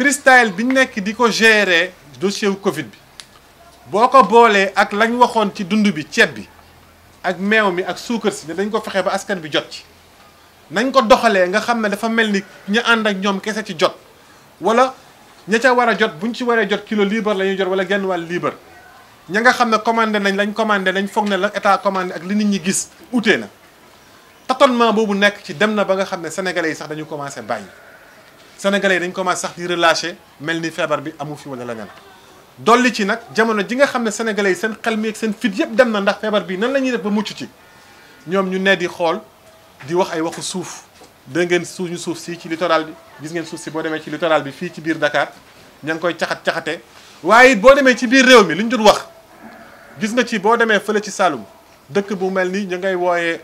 freestyle bi ñu nekk di ko gérer dossier wu Covid bi boo ko boolee ak lañ waxoon ci dund bi ceeb bi ak meew mi ak suukar si ne dañ ko fexe ba askan bi jot ci nañ ko doxalee nga xam ne dafa mel ni ña ànd ak ñoom kese ci jot wala ña ca war a jot buñ ci waree jot kilo liibar la ñuy jot wala genn wàll liibar ña nga xam ne commandé nañ lañ commandé nañ foog ne la état commandé ak li nit ñi gis utee na tâtonnement boobu nekk ci dem na ba nga xam ne sénégalais yi sax dañu commencé bàyyi sénégalais yi dañ commencé sax di relâché mel ni feebar bi amu fi wala leneen dolli ci nag jamono ji nga xam ne sénégalais yi seen xel mi ak seen fit yëpp dem na ndax feebar bi nan lañuy ñuy def ba mucc ci ñoom ñu nee di xool di wax ay waxu suuf da ngeen suñu suuf sii ci littoral bi gis ngeen suuf si boo demee ci littoral bi fii ci biir Dakar ña ngi koy caxat caxate waaye it demee ci biir réew mi li ñu doon wax gis nga ci boo demee fële ci Saloum dëkk bu mel ni ñu ngay wooyee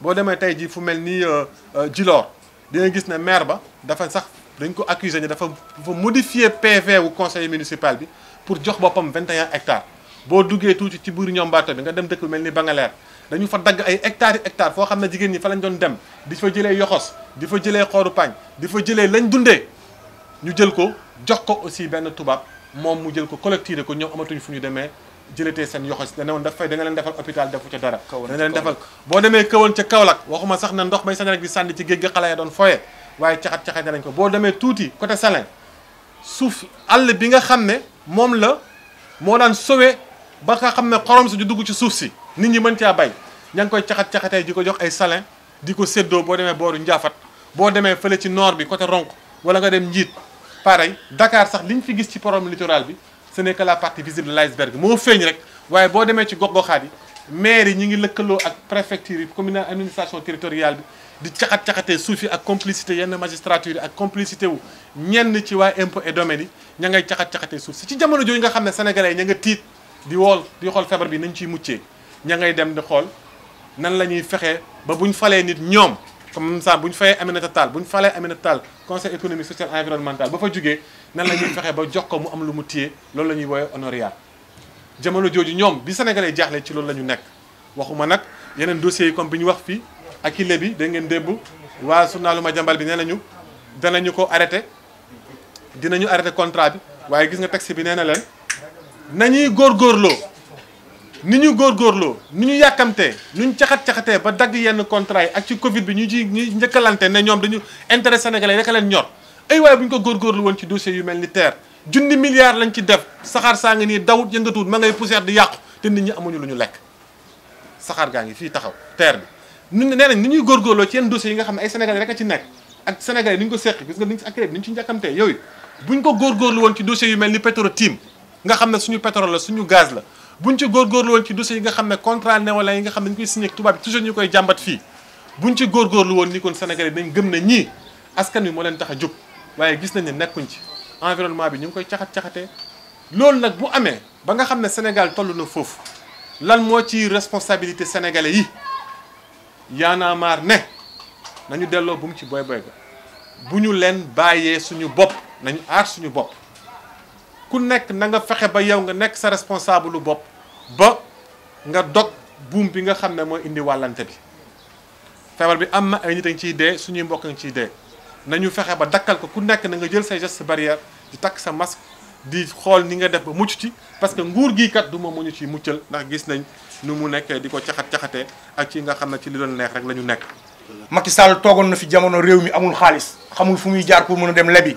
boo demee tey jii fu mel ni euh, euh, Djilor dina gis ne maire ba dafa sax dañ ko accuser ne dafa modifier PV wu conseil municipal bi pour jox boppam 21 hectares boo duggee tuuti ci biir ñoom baato bi nga dem dëkk bu mel ni Bangaleer dañu fa dagg ay hectares hectare hectares foo xam ne jigéen ñi fa lañ doon dem di fa jëlee yoxos di fa jëlee xooru pañ di fa jëlee lañ dundee ñu jël ko jox ko aussi benn tubaab moom mu jël ko collecté ko ñoom amatuñ fu ñu demee jëlatee seen si dana woon dafay da nga leen defal hôpital defu ca dara dana leen defal boo demee kawoon ca Kaolack waxuma sax na ndox may sañ rek bi sànni ci géej gi xale ya doon foye waaye caxat-caxat nañ ko boo demee tuuti côté Salin suuf àll bi nga xam ne moom la moo daan sowe ba nga xam ne xorom si du dugg ci suuf si nit ñi mën caa bay ña ngi koy caxat-caxatee di ko jox ay Salin di ko séddoo boo demee booru Njaafat boo demee fële ci noor bi côté Ronk wala nga dem Njiit pareil Dakar sax liñ fi gis ci problème littoral bi ce n'est que la partie visible de moo feeñ rek waaye boo demee ci gox-goxaat yi maire yi ñu ngi lëkkaloo ak préfecture yi commune administration territoriale bi di caxat-caxatee suuf yi ak complicité yenn magistrature yi ak complicité wu ñenn ci waa impôt et domaine yi ña ngay caxat-caxatee suuf si ci jamono jooju nga xam ne sénégalais yi ña nga tiit di wool di xool feebar bi nañ ciy muccee ña ngay dem di xool nan la ñuy fexee ba buñ falee nit ñoom comme ça bu ñu fayee Aminata Tall bu ñu falee Aminata Tall conseil économique social environnemental ba fa jugee nan la ñuy fexe ba jox ko mu am lu mu téye loolu la ñuy woowee honoria jamono jooju ñoom bi sénégalais jaaxle ci loolu la ñu nekk waxuma nag yeneen dossiers yi comme bi ñu wax fii ak ile bi da ngeen débb waa surnaalu Madiambal bi nee nañu danañu ko arrêté dinañu arrêté contrat bi waaye gis nga texte bi nee na leen nañuy góorloo ni ñu góorgóorloo ni ñu yàkkamtee ni ñu caxat-caxatee ba dagg yenn contrat yi ak ci Covid bi ñu ci ñu njëkkalante ne ñoom dañu intérêt sénégalais rek a leen ñor ay waaye bu ñu ko góorgóorlu woon ci dossier yu mel ni terre junni milliards lañ ci def saxaar saa ngi nii dawut yëngatuwut ma ngay poussière di yàqu te nit amuñu lu ñu lekk saxaar gaa ngi fii taxaw terre bi ñu nee nañ ni ñuy góorgóorloo ci yenn yi nga ne ay sénégalais rek ci nekk ak sénégalais ni ñu ko seq gis ni ñu si ci njàkkamtee yooyu bu ñu ko góorgóorlu woon ci dossiers yu mel ni Petro-Tim nga xam ne suñu pétrole la suñu gaz la buñ ci gor góorgóorlu won ci dossier yi nga xam ne contrat néolais yi nga xamné ñu koy signé tuba bi toujours ñu koy jàmbat fi buñ ci gor góorgóorlu won ni kon sénégalais dañ gëm ne ñi askan wi mo leen taxa juk waye gis nañ ni nekkuñ ci environnement bi ñu koy caxat-caxatee lool nak bu amé ba nga xamné Sénégal tollu na fofu lan mo ci responsabilité sénégalais yi mar ne nañu delloo bu ci boy boy ga buñu ñu leen bàyyee suñu bop nañu ar suñu bop ku nekk na nga fexe ba yow nga nekk sa responsable lu bopp ba nga dog buum bi nga xam ne mooy indi wàllante bi feebar bi am na ay nit a ngi ciy dee suñuy mbokk a ngi ciy dee nañu fexe ba dakkal ko ku nekk na nga jël sa geste barrière di takk sa masque di xool ni nga def ba mucc ci parce que nguur gii kat du moom mu ñu ciy muccal ndax gis nañ nu mu nekkee di ko caxat caxatee ak ci nga xam ne ci li doon neex rek la ñu nekk. Macky Sall toogoon na fi jamono réew mi amul xaalis xamul fu muy jaar pour mën a dem lebi.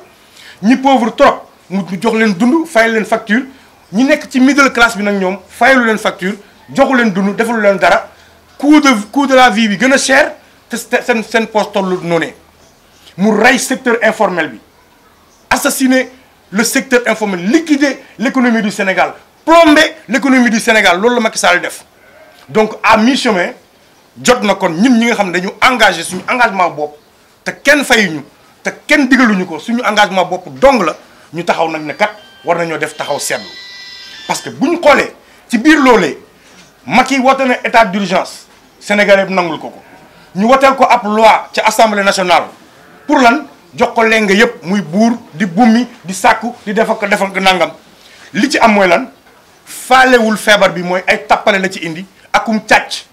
Ni pauvre trop mu jox leen dund fayal leen facture ñi nekk ci middle classe bi nag ñoom fayalu leen facture joxu leen dund defalu leen dara coût de coût de la vie bi gëna cher te sen seen poste tollu noonee mu ray secteur informel bi assassiner le secteur informel liquider l'économie du Sénégal plomber l'économie du Sénégal loolu la Macky Sall def donc à mi-chemin jot na kon ñun ñi nga xam dañu engagé suñu engagement bop te kenn fayuñu te kenn digaluñu ko suñu engagement bopp dong la ñu taxaw nañ ne kat war nañoo def taxaw seetlu parce que bu ñu xoolee ci biir loolee Macky woote na état d'urgence sénégalais bi nangul ko ko ñu woteel ko ab loi ci assemblée nationale pour lan jox ko lenge yëpp muy buur di bummi di sàkku di def ak def ak nangam li ci am mooy lan faalewul feebar bi mooy ay tappale la ci indi akum càcc